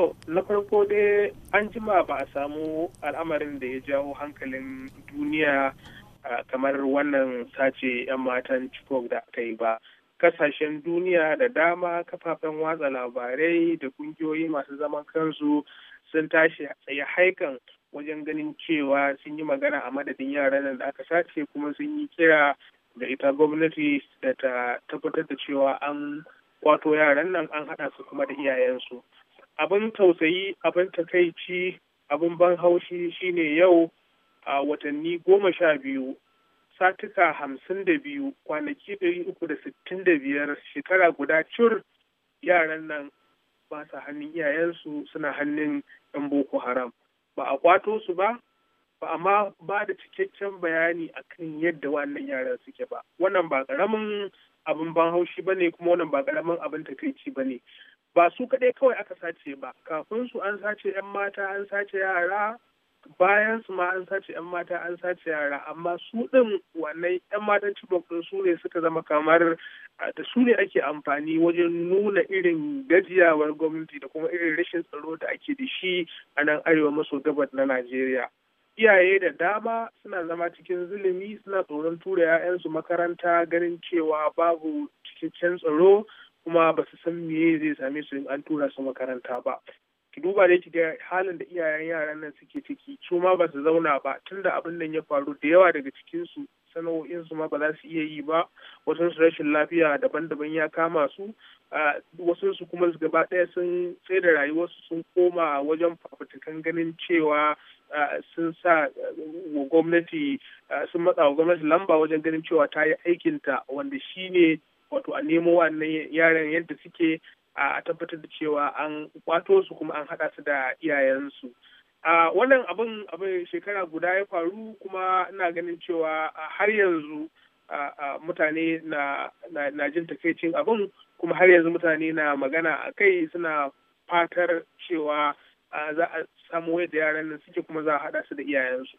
To, na farko dai an jima ba a samu al'amarin da ya jawo hankalin duniya kamar wannan sace 'yan matan Chibok da aka yi ba. Kasashen duniya da dama kafafen watsa labarai da kungiyoyi masu zaman kansu sun tashi tsaye haikan wajen ganin cewa sun yi magana a madadin yaran da aka sace kuma sun yi kira da ita gwamnati da ta tabbatar da cewa an wato yaran nan an haɗa su kuma da iyayensu abin tausayi abin takaici abin ban haushi shine yau a watanni goma sha biyu satuka hamsin da biyu kwanaki ɗari uku da sittin da biyar shekara guda cur yaran nan ba su hannun iyayensu suna hannun yan boko haram ba a kwato su ba ba amma ba da cikakken bayani akan yadda wannan yaran suke ba wannan ba ƙaramin abin ban haushi ba ne kuma wannan ba ƙaramin abin takaici ba ne ba su kaɗai kawai aka sace ba kafin su an sace 'yan mata an sace yara bayan su ma an sace 'yan mata an sace yara amma su ɗin wannan 'yan matan cibok ɗin su ne suka zama kamar da su ne ake amfani wajen nuna irin gajiyawar gwamnati da kuma irin rashin tsaro da ake da shi a nan arewa maso gabas na najeriya iyaye da dama suna zama cikin zulumi suna tsoron tura 'ya'yansu makaranta ganin cewa babu cikakken tsaro kuma ba su san meye zai same su in an tura su makaranta ba ki duba da ki ga halin da iyayen yaran nan suke ciki su ma ba su zauna ba tunda abin nan ya faru da yawa daga cikinsu su sana'o'in su ma ba za su iya yi ba wasu su rashin lafiya daban-daban ya kama su wasu su kuma gaba ɗaya sun sai da rayuwarsu sun koma wajen fafutukan ganin cewa sun sa wa gwamnati sun matsa wa gwamnati lamba wajen ganin cewa ta yi aikinta wanda shine wato a nemo wannan yaran yadda suke a tabbatar da cewa an kwato su kuma an haɗa su da iyayensu wannan abin abin shekara guda ya faru kuma ina ganin cewa har yanzu mutane na jin takaicin abin kuma har yanzu mutane na magana a kai suna fatar cewa za a samu yadda yaran nan suke kuma za a haɗa su da iyayensu